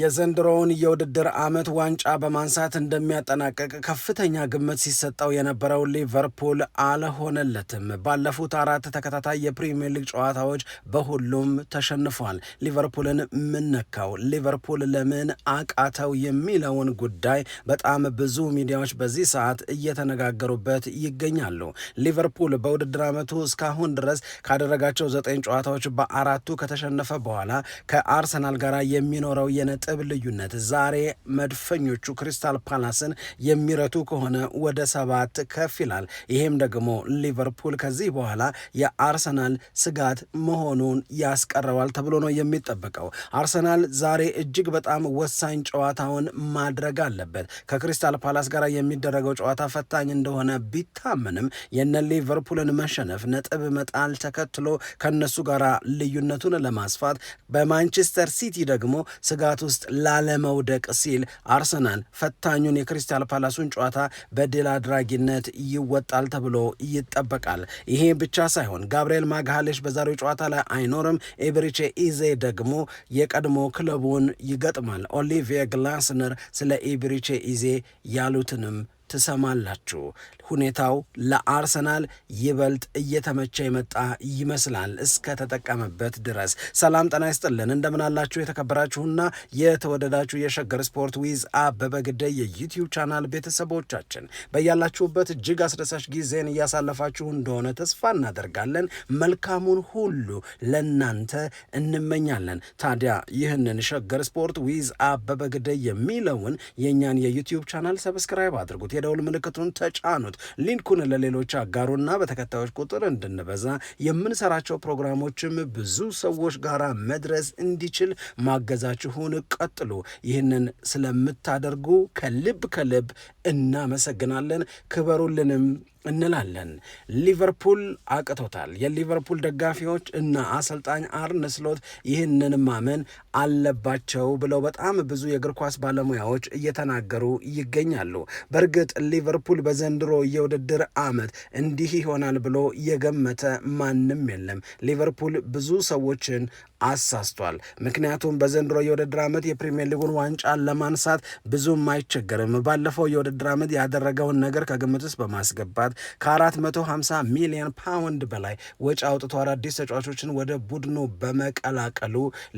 የዘንድሮውን የውድድር ዓመት ዋንጫ በማንሳት እንደሚያጠናቀቅ ከፍተኛ ግምት ሲሰጠው የነበረው ሊቨርፑል አልሆነለትም። ባለፉት አራት ተከታታይ የፕሪምየር ሊግ ጨዋታዎች በሁሉም ተሸንፏል። ሊቨርፑልን ምን ነካው? ሊቨርፑል ለምን አቃተው? የሚለውን ጉዳይ በጣም ብዙ ሚዲያዎች በዚህ ሰዓት እየተነጋገሩበት ይገኛሉ። ሊቨርፑል በውድድር ዓመቱ እስካሁን ድረስ ካደረጋቸው ዘጠኝ ጨዋታዎች በአራቱ ከተሸነፈ በኋላ ከአርሰናል ጋር የሚኖረው የነ ነጥብ ልዩነት ዛሬ መድፈኞቹ ክሪስታል ፓላስን የሚረቱ ከሆነ ወደ ሰባት ከፍ ይላል። ይህም ደግሞ ሊቨርፑል ከዚህ በኋላ የአርሰናል ስጋት መሆኑን ያስቀረዋል ተብሎ ነው የሚጠበቀው። አርሰናል ዛሬ እጅግ በጣም ወሳኝ ጨዋታውን ማድረግ አለበት። ከክሪስታል ፓላስ ጋር የሚደረገው ጨዋታ ፈታኝ እንደሆነ ቢታመንም የነ ሊቨርፑልን መሸነፍ ነጥብ መጣል ተከትሎ ከነሱ ጋር ልዩነቱን ለማስፋት በማንቸስተር ሲቲ ደግሞ ስጋት ውስጥ ላለመውደቅ ሲል አርሰናል ፈታኙን የክሪስታል ፓላሱን ጨዋታ በድል አድራጊነት ይወጣል ተብሎ ይጠበቃል። ይሄ ብቻ ሳይሆን ጋብርኤል ማግሃሌሽ በዛሬው ጨዋታ ላይ አይኖርም። ኤብሪቼ ኢዜ ደግሞ የቀድሞ ክለቡን ይገጥማል። ኦሊቪየ ግላስነር ስለ ኤብሪቼ ኢዜ ያሉትንም ትሰማላችሁ። ሁኔታው ለአርሰናል ይበልጥ እየተመቸ የመጣ ይመስላል እስከተጠቀመበት ድረስ። ሰላም ጠና ይስጥልን፣ እንደምናላችሁ የተከበራችሁና የተወደዳችሁ የሸገር ስፖርት ዊዝ አበበ ግደይ የዩትዩብ ቻናል ቤተሰቦቻችን በያላችሁበት እጅግ አስደሳች ጊዜን እያሳለፋችሁ እንደሆነ ተስፋ እናደርጋለን። መልካሙን ሁሉ ለእናንተ እንመኛለን። ታዲያ ይህንን ሸገር ስፖርት ዊዝ አበበ ግደይ የሚለውን የእኛን የዩትዩብ ቻናል ሰብስክራይብ አድርጉት። የደውል ምልክቱን ተጫኑት፣ ሊንኩን ለሌሎች አጋሩና በተከታዮች ቁጥር እንድንበዛ የምንሰራቸው ፕሮግራሞችም ብዙ ሰዎች ጋር መድረስ እንዲችል ማገዛችሁን ቀጥሉ። ይህንን ስለምታደርጉ ከልብ ከልብ እናመሰግናለን። ክበሩልንም እንላለን። ሊቨርፑል አቅቶታል። የሊቨርፑል ደጋፊዎች እና አሰልጣኝ አርነ ስሎት ይህንን ማመን አለባቸው ብለው በጣም ብዙ የእግር ኳስ ባለሙያዎች እየተናገሩ ይገኛሉ። በእርግጥ ሊቨርፑል በዘንድሮ የውድድር ዓመት እንዲህ ይሆናል ብሎ የገመተ ማንም የለም። ሊቨርፑል ብዙ ሰዎችን አሳስቷል። ምክንያቱም በዘንድሮ የውድድር ዓመት የፕሪምየር ሊጉን ዋንጫ ለማንሳት ብዙም አይቸገርም። ባለፈው የውድድር ዓመት ያደረገውን ነገር ከግምት ውስጥ በማስገባት ለማምጣት ከ450 ሚሊዮን ፓውንድ በላይ ወጪ አውጥቶ አዳዲስ ተጫዋቾችን ወደ ቡድኑ በመቀላቀሉ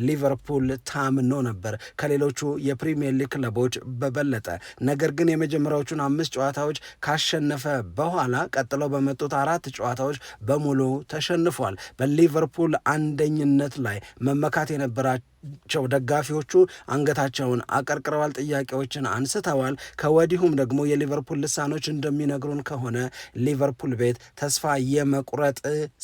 ሊቨርፑል ታምኖ ነበር ከሌሎቹ የፕሪሚየር ሊግ ክለቦች በበለጠ። ነገር ግን የመጀመሪያዎቹን አምስት ጨዋታዎች ካሸነፈ በኋላ ቀጥለው በመጡት አራት ጨዋታዎች በሙሉ ተሸንፏል። በሊቨርፑል አንደኝነት ላይ መመካት የነበራቸው ቸው ደጋፊዎቹ አንገታቸውን አቀርቅረዋል፣ ጥያቄዎችን አንስተዋል። ከወዲሁም ደግሞ የሊቨርፑል ልሳኖች እንደሚነግሩን ከሆነ ሊቨርፑል ቤት ተስፋ የመቁረጥ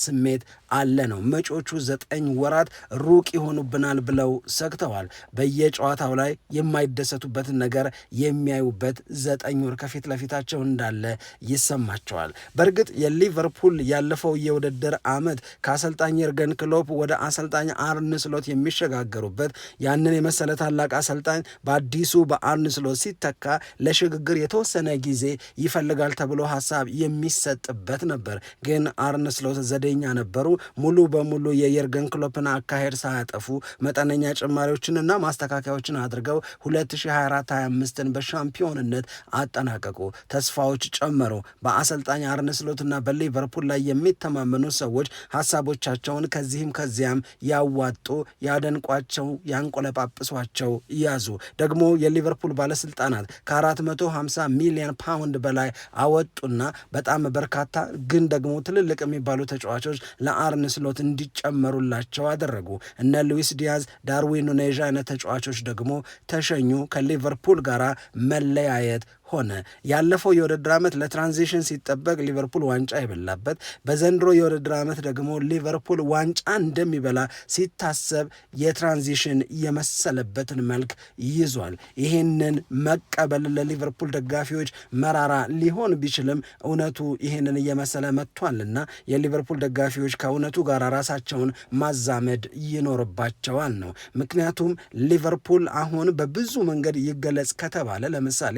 ስሜት አለ ነው። መጪዎቹ ዘጠኝ ወራት ሩቅ ይሆኑብናል ብለው ሰግተዋል። በየጨዋታው ላይ የማይደሰቱበትን ነገር የሚያዩበት ዘጠኝ ወር ከፊት ለፊታቸው እንዳለ ይሰማቸዋል። በእርግጥ የሊቨርፑል ያለፈው የውድድር ዓመት ከአሰልጣኝ የርገን ክሎፕ ወደ አሰልጣኝ አርነ ስሎት የሚሸጋገሩ በነበሩበት ያንን የመሰለ ታላቅ አሰልጣኝ በአዲሱ በአርነ ስሎት ሲተካ ለሽግግር የተወሰነ ጊዜ ይፈልጋል ተብሎ ሀሳብ የሚሰጥበት ነበር። ግን አርነ ስሎት ዘዴኛ ነበሩ። ሙሉ በሙሉ የየርገን ክሎፕን አካሄድ ሳያጠፉ መጠነኛ ጭማሪዎችንና ማስተካከያዎችን አድርገው 2024/25ን በሻምፒዮንነት አጠናቀቁ። ተስፋዎች ጨመሩ። በአሰልጣኝ አርነ ስሎትና በሊቨርፑል ላይ የሚተማመኑ ሰዎች ሀሳቦቻቸውን ከዚህም ከዚያም ያዋጡ ያደንቋቸው አድርገዋቸው ያንቆለጳጵሷቸው ያዙ። ደግሞ የሊቨርፑል ባለስልጣናት ከ450 ሚሊዮን ፓውንድ በላይ አወጡና በጣም በርካታ ግን ደግሞ ትልልቅ የሚባሉ ተጫዋቾች ለአርነ ስሎት እንዲጨመሩላቸው አደረጉ። እነ ሉዊስ ዲያዝ፣ ዳርዊን ኑኔዥ አይነት ተጫዋቾች ደግሞ ተሸኙ። ከሊቨርፑል ጋር መለያየት ሆነ። ያለፈው የውድድር ዓመት ለትራንዚሽን ሲጠበቅ ሊቨርፑል ዋንጫ የበላበት፣ በዘንድሮ የውድድር ዓመት ደግሞ ሊቨርፑል ዋንጫ እንደሚበላ ሲታሰብ የትራንዚሽን የመሰለበትን መልክ ይዟል። ይህንን መቀበል ለሊቨርፑል ደጋፊዎች መራራ ሊሆን ቢችልም እውነቱ ይህንን እየመሰለ መጥቷልና የሊቨርፑል ደጋፊዎች ከእውነቱ ጋር ራሳቸውን ማዛመድ ይኖርባቸዋል ነው። ምክንያቱም ሊቨርፑል አሁን በብዙ መንገድ ይገለጽ ከተባለ ለምሳሌ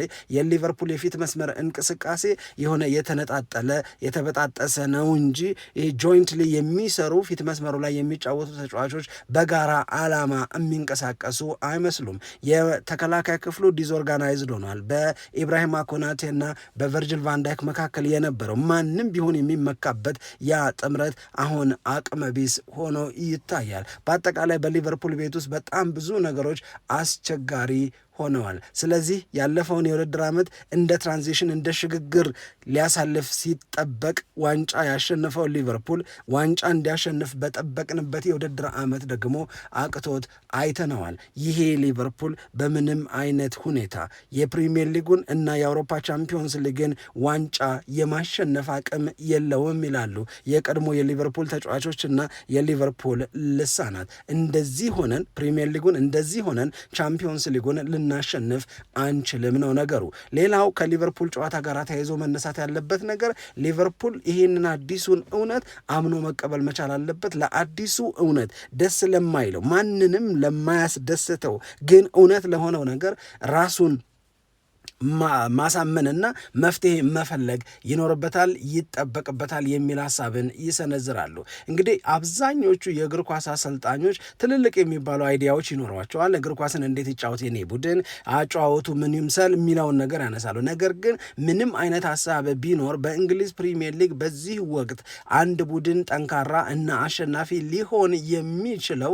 የሊቨርፑል የፊት መስመር እንቅስቃሴ የሆነ የተነጣጠለ የተበጣጠሰ ነው እንጂ ይህ ጆይንትሊ የሚሰሩ ፊት መስመሩ ላይ የሚጫወቱ ተጫዋቾች በጋራ አላማ የሚንቀሳቀሱ አይመስሉም። የተከላካይ ክፍሉ ዲስኦርጋናይዝድ ሆኗል። በኢብራሂም ኮናቴና በቨርጅል ቫንዳይክ መካከል የነበረው ማንም ቢሆን የሚመካበት ያ ጥምረት አሁን አቅመ ቢስ ሆኖ ይታያል። በአጠቃላይ በሊቨርፑል ቤት ውስጥ በጣም ብዙ ነገሮች አስቸጋሪ ሆነዋል። ስለዚህ ያለፈውን የውድድር ዓመት እንደ ትራንዚሽን እንደ ሽግግር ሊያሳልፍ ሲጠበቅ ዋንጫ ያሸነፈው ሊቨርፑል ዋንጫ እንዲያሸንፍ በጠበቅንበት የውድድር ዓመት ደግሞ አቅቶት አይተነዋል። ይሄ ሊቨርፑል በምንም አይነት ሁኔታ የፕሪሚየር ሊጉን እና የአውሮፓ ቻምፒዮንስ ሊግን ዋንጫ የማሸነፍ አቅም የለውም ይላሉ የቀድሞ የሊቨርፑል ተጫዋቾች እና የሊቨርፑል ልሳናት። እንደዚህ ሆነን ፕሪሚየር ሊጉን እንደዚህ ሆነን ቻምፒዮንስ ሊጉን ልናሸንፍ አንችልም ነው ነገሩ። ሌላው ከሊቨርፑል ጨዋታ ጋር ተያይዞ መነሳት ያለበት ነገር ሊቨርፑል ይህንን አዲሱን እውነት አምኖ መቀበል መቻል አለበት። ለአዲሱ እውነት ደስ ለማይለው ማንንም ለማያስደስተው ግን እውነት ለሆነው ነገር ራሱን ማሳመንና መፍትሄ መፈለግ ይኖርበታል፣ ይጠበቅበታል የሚል ሀሳብን ይሰነዝራሉ። እንግዲህ አብዛኞቹ የእግር ኳስ አሰልጣኞች ትልልቅ የሚባሉ አይዲያዎች ይኖሯቸዋል። እግር ኳስን እንዴት ይጫወት የኔ ቡድን አጫወቱ ምን ይምሰል የሚለውን ነገር ያነሳሉ። ነገር ግን ምንም አይነት ሀሳብ ቢኖር በእንግሊዝ ፕሪሚየር ሊግ በዚህ ወቅት አንድ ቡድን ጠንካራ እና አሸናፊ ሊሆን የሚችለው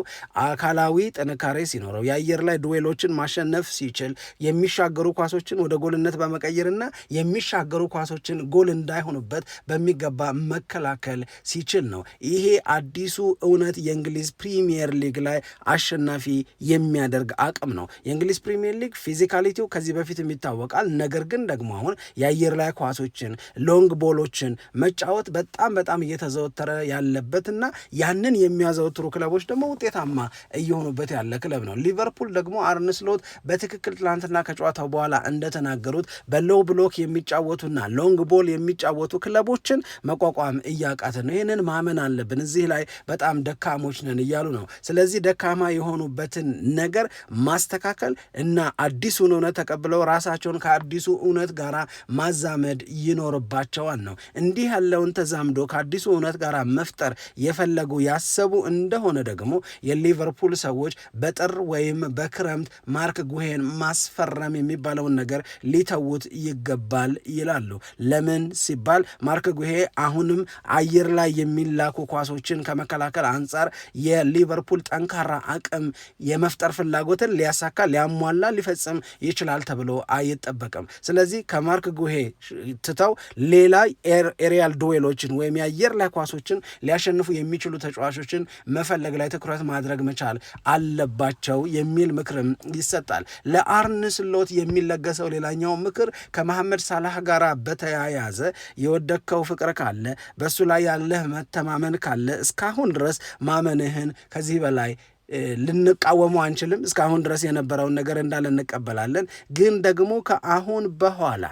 አካላዊ ጥንካሬ ሲኖረው፣ የአየር ላይ ዱዌሎችን ማሸነፍ ሲችል፣ የሚሻገሩ ኳሶችን ወደ ጎልነት በመቀየርና የሚሻገሩ ኳሶችን ጎል እንዳይሆኑበት በሚገባ መከላከል ሲችል ነው። ይሄ አዲሱ እውነት የእንግሊዝ ፕሪሚየር ሊግ ላይ አሸናፊ የሚያደርግ አቅም ነው። የእንግሊዝ ፕሪሚየር ሊግ ፊዚካሊቲው ከዚህ በፊት የሚታወቃል። ነገር ግን ደግሞ አሁን የአየር ላይ ኳሶችን፣ ሎንግ ቦሎችን መጫወት በጣም በጣም እየተዘወተረ ያለበትና ያንን የሚያዘወትሩ ክለቦች ደግሞ ውጤታማ እየሆኑበት ያለ ክለብ ነው። ሊቨርፑል ደግሞ አርነ ስሎት በትክክል ትላንትና ከጨዋታው በኋላ እንደተ እንደተናገሩት በሎው ብሎክ የሚጫወቱና ሎንግ ቦል የሚጫወቱ ክለቦችን መቋቋም እያቃተ ነው። ይህንን ማመን አለብን። እዚህ ላይ በጣም ደካሞች ነን እያሉ ነው። ስለዚህ ደካማ የሆኑበትን ነገር ማስተካከል እና አዲሱን እውነት ተቀብለው ራሳቸውን ከአዲሱ እውነት ጋር ማዛመድ ይኖርባቸዋል ነው። እንዲህ ያለውን ተዛምዶ ከአዲሱ እውነት ጋር መፍጠር የፈለጉ ያሰቡ እንደሆነ ደግሞ የሊቨርፑል ሰዎች በጥር ወይም በክረምት ማርክ ጉሄን ማስፈረም የሚባለውን ነገር ሊተውት ይገባል ይላሉ። ለምን ሲባል ማርክ ጉሄ አሁንም አየር ላይ የሚላኩ ኳሶችን ከመከላከል አንጻር የሊቨርፑል ጠንካራ አቅም የመፍጠር ፍላጎትን ሊያሳካ ሊያሟላ ሊፈጽም ይችላል ተብሎ አይጠበቅም። ስለዚህ ከማርክ ጉሄ ትተው ሌላ ኤሪያል ዱዌሎችን ወይም የአየር ላይ ኳሶችን ሊያሸንፉ የሚችሉ ተጫዋቾችን መፈለግ ላይ ትኩረት ማድረግ መቻል አለባቸው የሚል ምክርም ይሰጣል። ለአርነ ስሎት የሚለገሰው ሌላኛው ምክር ከመሐመድ ሳላህ ጋር በተያያዘ የወደከው ፍቅር ካለ በእሱ ላይ ያለህ መተማመን ካለ እስካሁን ድረስ ማመንህን ከዚህ በላይ ልንቃወሙ አንችልም። እስካሁን ድረስ የነበረውን ነገር እንዳለ እንቀበላለን። ግን ደግሞ ከአሁን በኋላ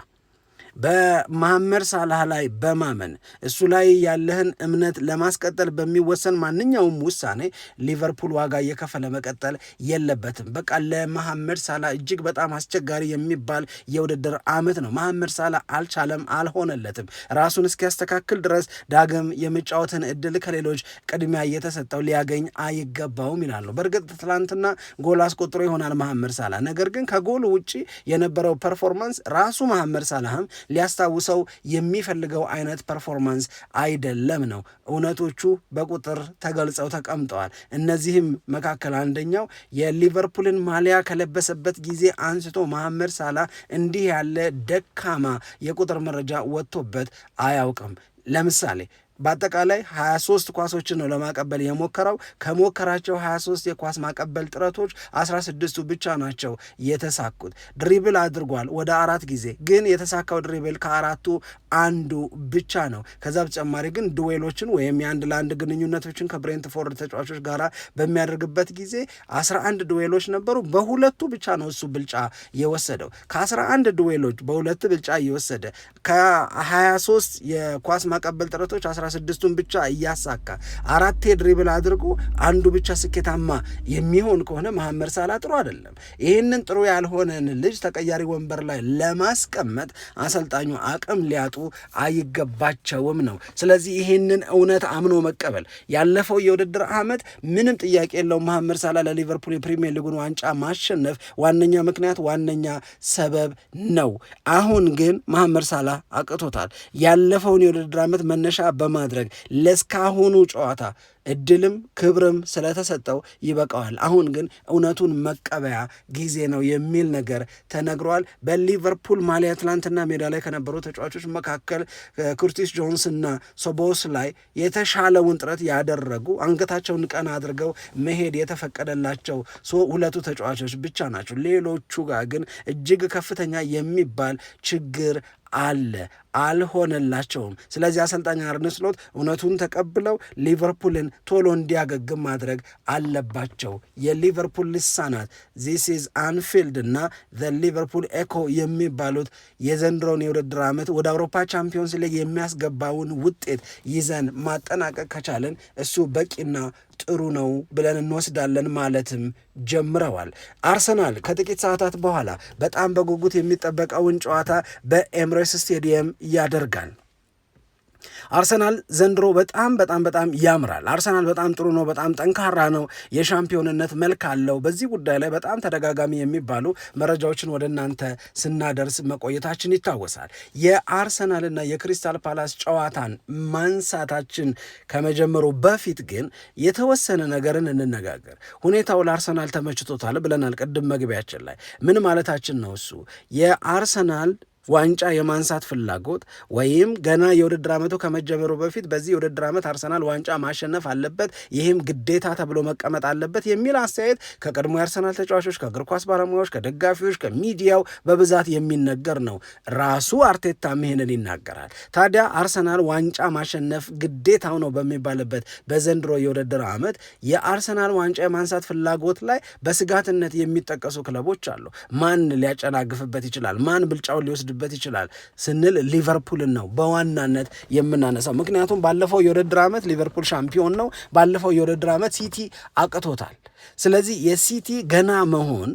በመሐመድ ሳላህ ላይ በማመን እሱ ላይ ያለህን እምነት ለማስቀጠል በሚወሰን ማንኛውም ውሳኔ ሊቨርፑል ዋጋ እየከፈለ መቀጠል የለበትም። በቃ ለመሐመድ ሳላ እጅግ በጣም አስቸጋሪ የሚባል የውድድር አመት ነው። መሐመድ ሳላ አልቻለም፣ አልሆነለትም። ራሱን እስኪያስተካክል ድረስ ዳግም የመጫወትን እድል ከሌሎች ቅድሚያ እየተሰጠው ሊያገኝ አይገባውም ይላሉ። በእርግጥ ትላንትና ጎል አስቆጥሮ ይሆናል መሐመድ ሳላ ነገር ግን ከጎል ውጪ የነበረው ፐርፎርማንስ ራሱ መሐመድ ሳላህም ሊያስታውሰው የሚፈልገው አይነት ፐርፎርማንስ አይደለም ነው። እውነቶቹ በቁጥር ተገልጸው ተቀምጠዋል። እነዚህም መካከል አንደኛው የሊቨርፑልን ማሊያ ከለበሰበት ጊዜ አንስቶ መሐመድ ሳላ እንዲህ ያለ ደካማ የቁጥር መረጃ ወጥቶበት አያውቅም። ለምሳሌ በአጠቃላይ 23 ኳሶችን ነው ለማቀበል የሞከረው። ከሞከራቸው 23 የኳስ ማቀበል ጥረቶች 16ቱ ብቻ ናቸው የተሳኩት። ድሪብል አድርጓል ወደ አራት ጊዜ፣ ግን የተሳካው ድሪብል ከአራቱ አንዱ ብቻ ነው። ከዛ በተጨማሪ ግን ዱዌሎችን ወይም የአንድ ለአንድ ግንኙነቶችን ከብሬንትፎርድ ተጫዋቾች ጋር በሚያደርግበት ጊዜ 11 ድዌሎች ነበሩ። በሁለቱ ብቻ ነው እሱ ብልጫ የወሰደው። ከ11 ዱዌሎች በሁለት ብልጫ እየወሰደ ከ23 የኳስ ማቀበል ጥረቶች አስራ ስድስቱን ብቻ እያሳካ አራቴ ድሪብል አድርጎ አንዱ ብቻ ስኬታማ የሚሆን ከሆነ መሐመድ ሳላ ጥሩ አይደለም። ይህንን ጥሩ ያልሆነን ልጅ ተቀያሪ ወንበር ላይ ለማስቀመጥ አሰልጣኙ አቅም ሊያጡ አይገባቸውም ነው። ስለዚህ ይህንን እውነት አምኖ መቀበል ያለፈው የውድድር ዓመት ምንም ጥያቄ የለው መሐመድ ሳላ ለሊቨርፑል የፕሪሚየር ሊጉን ዋንጫ ማሸነፍ ዋነኛ ምክንያት ዋነኛ ሰበብ ነው። አሁን ግን መሐመድ ሳላ አቅቶታል። ያለፈውን የውድድር ዓመት መነሻ በማ ለማድረግ ለስካሁኑ ጨዋታ እድልም ክብርም ስለተሰጠው ይበቃዋል። አሁን ግን እውነቱን መቀበያ ጊዜ ነው የሚል ነገር ተነግሯል። በሊቨርፑል ማሊያ ትናንትና ሜዳ ላይ ከነበሩ ተጫዋቾች መካከል ኩርቲስ ጆንስ እና ሶቦስ ላይ የተሻለውን ጥረት ያደረጉ አንገታቸውን ቀና አድርገው መሄድ የተፈቀደላቸው ሁለቱ ተጫዋቾች ብቻ ናቸው። ሌሎቹ ጋር ግን እጅግ ከፍተኛ የሚባል ችግር አለ፣ አልሆነላቸውም። ስለዚህ አሰልጣኝ አርነ ስሎት እውነቱን ተቀብለው ሊቨርፑልን ቶሎ እንዲያገግም ማድረግ አለባቸው። የሊቨርፑል ልሳናት ዚስ ኢዝ አንፊልድ እና ዘ ሊቨርፑል ኤኮ የሚባሉት የዘንድሮን የውድድር ዓመት ወደ አውሮፓ ቻምፒዮንስ ሊግ የሚያስገባውን ውጤት ይዘን ማጠናቀቅ ከቻለን እሱ በቂና ጥሩ ነው ብለን እንወስዳለን ማለትም ጀምረዋል። አርሰናል ከጥቂት ሰዓታት በኋላ በጣም በጉጉት የሚጠበቀውን ጨዋታ በኤምሬስ ስቴዲየም ያደርጋል። አርሰናል ዘንድሮ በጣም በጣም በጣም ያምራል። አርሰናል በጣም ጥሩ ነው፣ በጣም ጠንካራ ነው፣ የሻምፒዮንነት መልክ አለው። በዚህ ጉዳይ ላይ በጣም ተደጋጋሚ የሚባሉ መረጃዎችን ወደ እናንተ ስናደርስ መቆየታችን ይታወሳል። የአርሰናልና የክሪስታል ፓላስ ጨዋታን ማንሳታችን ከመጀመሩ በፊት ግን የተወሰነ ነገርን እንነጋገር። ሁኔታው ለአርሰናል ተመችቶታል ብለናል ቅድም መግቢያችን ላይ ምን ማለታችን ነው? እሱ የአርሰናል ዋንጫ የማንሳት ፍላጎት ወይም ገና የውድድር ዓመቱ ከመጀመሩ በፊት በዚህ የውድድር ዓመት አርሰናል ዋንጫ ማሸነፍ አለበት፣ ይህም ግዴታ ተብሎ መቀመጥ አለበት የሚል አስተያየት ከቀድሞ የአርሰናል ተጫዋቾች፣ ከእግር ኳስ ባለሙያዎች፣ ከደጋፊዎች፣ ከሚዲያው በብዛት የሚነገር ነው። ራሱ አርቴታም ይህንን ይናገራል። ታዲያ አርሰናል ዋንጫ ማሸነፍ ግዴታው ነው በሚባልበት በዘንድሮ የውድድር ዓመት የአርሰናል ዋንጫ የማንሳት ፍላጎት ላይ በስጋትነት የሚጠቀሱ ክለቦች አሉ። ማን ሊያጨናግፍበት ይችላል? ማን ብልጫውን ሊወስድ ሊወስድበት ይችላል ስንል ሊቨርፑልን ነው በዋናነት የምናነሳው። ምክንያቱም ባለፈው የውድድር ዓመት ሊቨርፑል ሻምፒዮን ነው። ባለፈው የውድድር ዓመት ሲቲ አቅቶታል። ስለዚህ የሲቲ ገና መሆን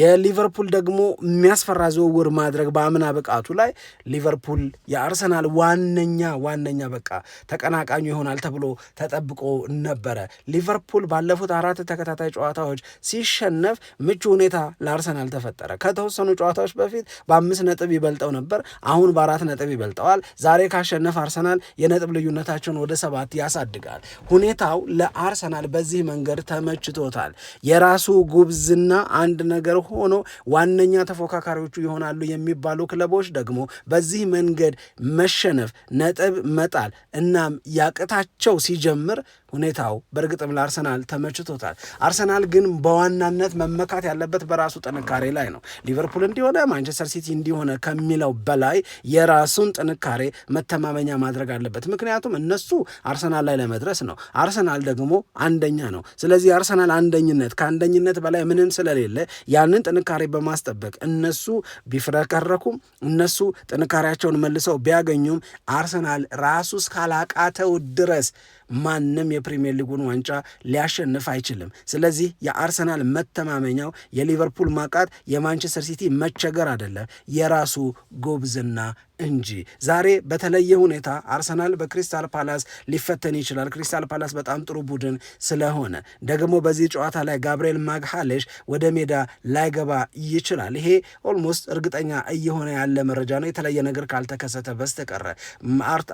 የሊቨርፑል ደግሞ የሚያስፈራ ዝውውር ማድረግ በአምና ብቃቱ ላይ ሊቨርፑል የአርሰናል ዋነኛ ዋነኛ በቃ ተቀናቃኙ ይሆናል ተብሎ ተጠብቆ ነበረ። ሊቨርፑል ባለፉት አራት ተከታታይ ጨዋታዎች ሲሸነፍ ምቹ ሁኔታ ለአርሰናል ተፈጠረ። ከተወሰኑ ጨዋታዎች በፊት በአምስት ነጥብ ይበልጠው ነበር። አሁን በአራት ነጥብ ይበልጠዋል። ዛሬ ካሸነፍ አርሰናል የነጥብ ልዩነታቸውን ወደ ሰባት ያሳድጋል። ሁኔታው ለአርሰናል በዚህ መንገድ ተመችቶታል። የራሱ ጉብዝና አንድ ነገር ሆኖ ዋነኛ ተፎካካሪዎቹ ይሆናሉ የሚባሉ ክለቦች ደግሞ በዚህ መንገድ መሸነፍ፣ ነጥብ መጣል እናም ያቅታቸው ሲጀምር ሁኔታው በእርግጥም ለአርሰናል ተመችቶታል። አርሰናል ግን በዋናነት መመካት ያለበት በራሱ ጥንካሬ ላይ ነው። ሊቨርፑል እንዲሆነ ማንቸስተር ሲቲ እንዲሆነ ከሚለው በላይ የራሱን ጥንካሬ መተማመኛ ማድረግ አለበት። ምክንያቱም እነሱ አርሰናል ላይ ለመድረስ ነው። አርሰናል ደግሞ አንደኛ ነው። ስለዚህ አርሰናል አንደኝነት ከአንደኝነት በላይ ምንም ስለሌለ ያንን ጥንካሬ በማስጠበቅ እነሱ ቢፍረከረኩም እነሱ ጥንካሬያቸውን መልሰው ቢያገኙም አርሰናል ራሱ እስካላቃተው ድረስ ማንም የፕሪምየር ሊጉን ዋንጫ ሊያሸንፍ አይችልም። ስለዚህ የአርሰናል መተማመኛው የሊቨርፑል ማቃት፣ የማንቸስተር ሲቲ መቸገር አይደለም የራሱ ጎብዝና እንጂ ዛሬ በተለየ ሁኔታ አርሰናል በክሪስታል ፓላስ ሊፈተን ይችላል። ክሪስታል ፓላስ በጣም ጥሩ ቡድን ስለሆነ ደግሞ በዚህ ጨዋታ ላይ ጋብርኤል ማግሃሌሽ ወደ ሜዳ ላይገባ ይችላል። ይሄ ኦልሞስት እርግጠኛ እየሆነ ያለ መረጃ ነው የተለየ ነገር ካልተከሰተ በስተቀረ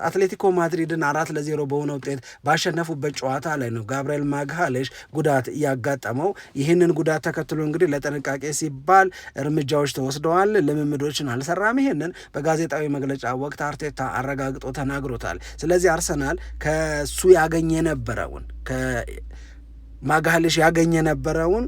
አትሌቲኮ ማድሪድን አራት ለዜሮ በሆነ ውጤት ባሸነፉበት ጨዋታ ላይ ነው ጋብርኤል ማግሃሌሽ ጉዳት ያጋጠመው። ይህንን ጉዳት ተከትሎ እንግዲህ ለጥንቃቄ ሲባል እርምጃዎች ተወስደዋል። ልምምዶችን አልሰራም። ይህንን በጋዜጣዊ መግለጫ ወቅት አርቴታ አረጋግጦ ተናግሮታል። ስለዚህ አርሰናል ከሱ ያገኘ የነበረውን ከማግሃሌሽ ያገኘ የነበረውን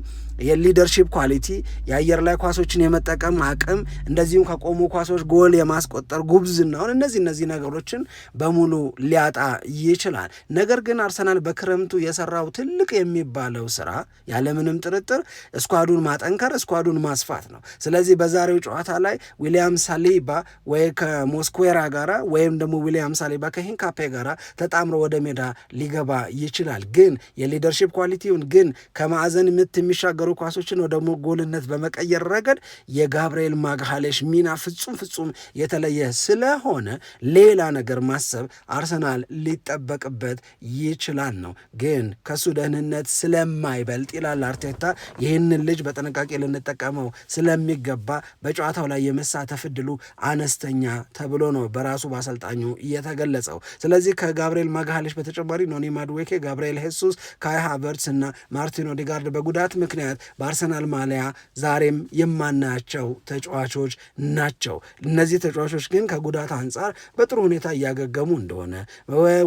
የሊደርሺፕ ኳሊቲ፣ የአየር ላይ ኳሶችን የመጠቀም አቅም፣ እንደዚሁም ከቆሙ ኳሶች ጎል የማስቆጠር ጉብዝናውን እነዚህ እነዚህ ነገሮችን በሙሉ ሊያጣ ይችላል። ነገር ግን አርሰናል በክረምቱ የሰራው ትልቅ የሚባለው ስራ ያለምንም ጥርጥር እስኳዱን ማጠንከር፣ እስኳዱን ማስፋት ነው። ስለዚህ በዛሬው ጨዋታ ላይ ዊሊያም ሳሊባ ወይ ከሞስኩዌራ ጋር ወይም ደግሞ ዊሊያም ሳሊባ ከሂንካፔ ጋር ተጣምሮ ወደ ሜዳ ሊገባ ይችላል። ግን የሊደርሺፕ ኳሊቲውን ግን ከማዕዘን ምት የሚሻገሩ የነበሩ ኳሶችን ወደ ጎልነት በመቀየር ረገድ የጋብርኤል ማግሃሌሽ ሚና ፍጹም ፍጹም የተለየ ስለሆነ ሌላ ነገር ማሰብ አርሰናል ሊጠበቅበት ይችላል ነው ግን ከሱ ደህንነት ስለማይበልጥ ይላል አርቴታ። ይህንን ልጅ በጥንቃቄ ልንጠቀመው ስለሚገባ በጨዋታው ላይ የመሳተፍ ዕድሉ አነስተኛ ተብሎ ነው በራሱ በአሰልጣኙ እየተገለጸው። ስለዚህ ከጋብርኤል ማግሃሌሽ በተጨማሪ ኖኒ ማድዌኬ፣ ጋብርኤል ሄሱስ፣ ካይ ሃቨርትስ እና ማርቲን ኦዴጋርድ በጉዳት ምክንያት በመጫወት በአርሰናል ማሊያ ዛሬም የማናያቸው ተጫዋቾች ናቸው። እነዚህ ተጫዋቾች ግን ከጉዳት አንጻር በጥሩ ሁኔታ እያገገሙ እንደሆነ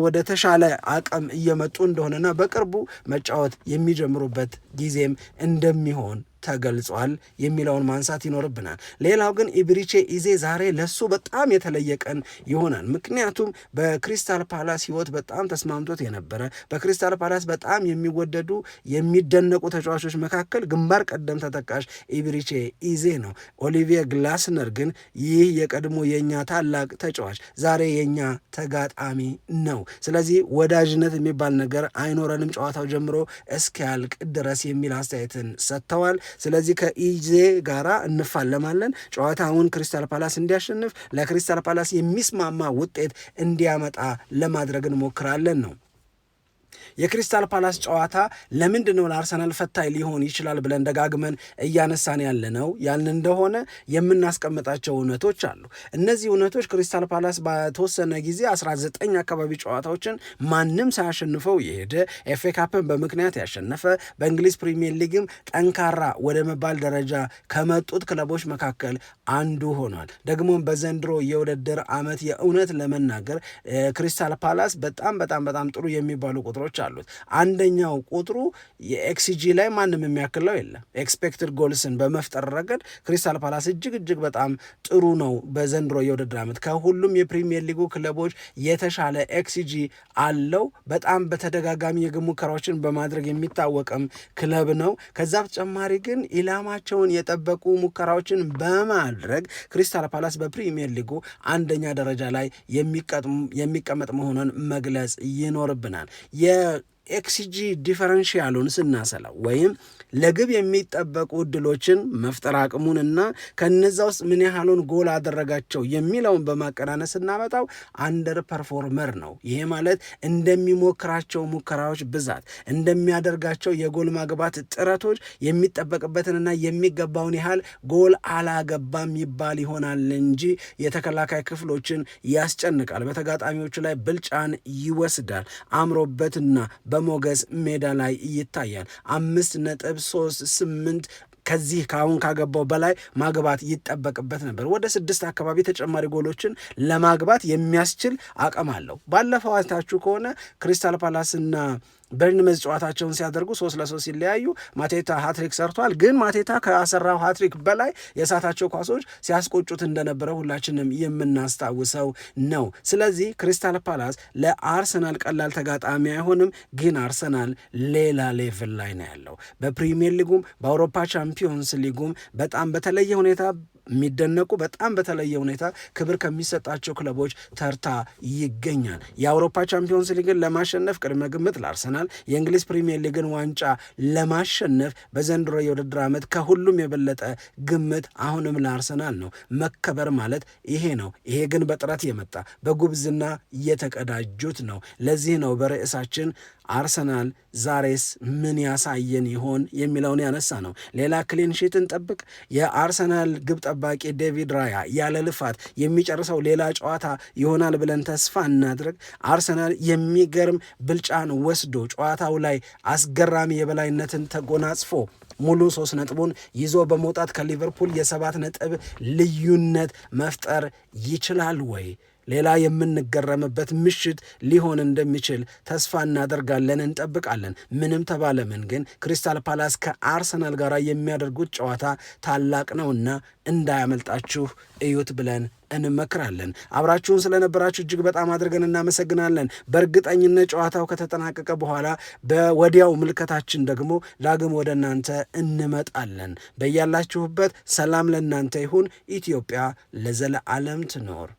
ወደ ተሻለ አቅም እየመጡ እንደሆነና በቅርቡ መጫወት የሚጀምሩበት ጊዜም እንደሚሆን ተገልጿል የሚለውን ማንሳት ይኖርብናል። ሌላው ግን ኢብሪቼ ኢዜ ዛሬ ለሱ በጣም የተለየ ቀን ይሆናል። ምክንያቱም በክሪስታል ፓላስ ህይወት በጣም ተስማምቶት የነበረ በክሪስታል ፓላስ በጣም የሚወደዱ የሚደነቁ ተጫዋቾች መካከል ግንባር ቀደም ተጠቃሽ ኢብሪቼ ኢዜ ነው። ኦሊቪየ ግላስነር ግን ይህ የቀድሞ የእኛ ታላቅ ተጫዋች ዛሬ የእኛ ተጋጣሚ ነው። ስለዚህ ወዳጅነት የሚባል ነገር አይኖረንም ጨዋታው ጀምሮ እስኪያልቅ ድረስ የሚል አስተያየትን ሰጥተዋል። ስለዚህ ከኢዜ ጋራ እንፋለማለን። ጨዋታውን ክሪስታል ፓላስ እንዲያሸንፍ ለክሪስታል ፓላስ የሚስማማ ውጤት እንዲያመጣ ለማድረግ እንሞክራለን ነው የክሪስታል ፓላስ ጨዋታ ለምንድን ነው ለአርሰናል ፈታኝ ሊሆን ይችላል ብለን ደጋግመን እያነሳን ያለ ነው ያልን እንደሆነ የምናስቀምጣቸው እውነቶች አሉ። እነዚህ እውነቶች ክሪስታል ፓላስ በተወሰነ ጊዜ 19 አካባቢ ጨዋታዎችን ማንም ሳያሸንፈው የሄደ ኤፌ ካፕን በምክንያት ያሸነፈ በእንግሊዝ ፕሪሚየር ሊግም ጠንካራ ወደ መባል ደረጃ ከመጡት ክለቦች መካከል አንዱ ሆኗል። ደግሞም በዘንድሮ የውድድር ዓመት የእውነት ለመናገር ክሪስታል ፓላስ በጣም በጣም በጣም ጥሩ የሚባሉ ቁጥሮች አሉ አሉት። አንደኛው ቁጥሩ የኤክስጂ ላይ ማንም የሚያክለው የለም። ኤክስፔክትድ ጎልስን በመፍጠር ረገድ ክሪስታል ፓላስ እጅግ እጅግ በጣም ጥሩ ነው። በዘንድሮ የውድድር ዓመት ከሁሉም የፕሪሚየር ሊጉ ክለቦች የተሻለ ኤክስጂ አለው። በጣም በተደጋጋሚ የግብ ሙከራዎችን በማድረግ የሚታወቅም ክለብ ነው። ከዛ በተጨማሪ ግን ኢላማቸውን የጠበቁ ሙከራዎችን በማድረግ ክሪስታል ፓላስ በፕሪሚየር ሊጉ አንደኛ ደረጃ ላይ የሚቀመጥ መሆኑን መግለጽ ይኖርብናል። ኤክስጂ ዲፈረንሽያሉን ስናሰላው ወይም ለግብ የሚጠበቁ እድሎችን መፍጠር አቅሙን እና ከነዛ ውስጥ ምን ያህሉን ጎል አደረጋቸው የሚለውን በማቀናነስ ስናመጣው አንደር ፐርፎርመር ነው። ይሄ ማለት እንደሚሞክራቸው ሙከራዎች ብዛት፣ እንደሚያደርጋቸው የጎል ማግባት ጥረቶች የሚጠበቅበትንና የሚገባውን ያህል ጎል አላገባም ይባል ይሆናል እንጂ የተከላካይ ክፍሎችን ያስጨንቃል፣ በተጋጣሚዎቹ ላይ ብልጫን ይወስዳል አምሮበትና በ በሞገስ ሜዳ ላይ ይታያል። አምስት ነጥብ ሶስት ስምንት ከዚህ ከአሁን ካገባው በላይ ማግባት ይጠበቅበት ነበር። ወደ ስድስት አካባቢ ተጨማሪ ጎሎችን ለማግባት የሚያስችል አቅም አለው። ባለፈው አታችሁ ከሆነ ክሪስታል ፓላስና በርንመዝ ጨዋታቸውን ሲያደርጉ ሶስት ለሶስት ሲለያዩ ማቴታ ሀትሪክ ሰርቷል። ግን ማቴታ ከሰራው ሀትሪክ በላይ የሳታቸው ኳሶች ሲያስቆጩት እንደነበረ ሁላችንም የምናስታውሰው ነው። ስለዚህ ክሪስታል ፓላስ ለአርሰናል ቀላል ተጋጣሚ አይሆንም። ግን አርሰናል ሌላ ሌቭል ላይ ነው ያለው። በፕሪሚየር ሊጉም በአውሮፓ ቻምፒዮንስ ሊጉም በጣም በተለየ ሁኔታ የሚደነቁ በጣም በተለየ ሁኔታ ክብር ከሚሰጣቸው ክለቦች ተርታ ይገኛል። የአውሮፓ ቻምፒዮንስ ሊግን ለማሸነፍ ቅድመ ግምት ለአርሰናል አርሰናል የእንግሊዝ ፕሪሚየር ሊግን ዋንጫ ለማሸነፍ በዘንድሮ የውድድር ዓመት ከሁሉም የበለጠ ግምት አሁንም ለአርሰናል ነው። መከበር ማለት ይሄ ነው። ይሄ ግን በጥረት የመጣ በጉብዝና የተቀዳጁት ነው። ለዚህ ነው በርዕሳችን አርሰናል ዛሬስ ምን ያሳየን ይሆን የሚለውን ያነሳ ነው። ሌላ ክሊንሺት እንጠብቅ? የአርሰናል ግብ ጠባቂ ዴቪድ ራያ ያለ ልፋት የሚጨርሰው ሌላ ጨዋታ ይሆናል ብለን ተስፋ እናድርግ። አርሰናል የሚገርም ብልጫን ወስዶ ጨዋታው ላይ አስገራሚ የበላይነትን ተጎናጽፎ ሙሉ ሶስት ነጥቡን ይዞ በመውጣት ከሊቨርፑል የሰባት ነጥብ ልዩነት መፍጠር ይችላል ወይ? ሌላ የምንገረምበት ምሽት ሊሆን እንደሚችል ተስፋ እናደርጋለን፣ እንጠብቃለን። ምንም ተባለ ምን ግን ክሪስታል ፓላስ ከአርሰናል ጋር የሚያደርጉት ጨዋታ ታላቅ ነውና እንዳያመልጣችሁ እዩት ብለን እንመክራለን። አብራችሁን ስለነበራችሁ እጅግ በጣም አድርገን እናመሰግናለን። በእርግጠኝነት ጨዋታው ከተጠናቀቀ በኋላ በወዲያው ምልከታችን ደግሞ ዳግም ወደ እናንተ እንመጣለን። በያላችሁበት ሰላም ለእናንተ ይሁን። ኢትዮጵያ ለዘለዓለም ትኖር።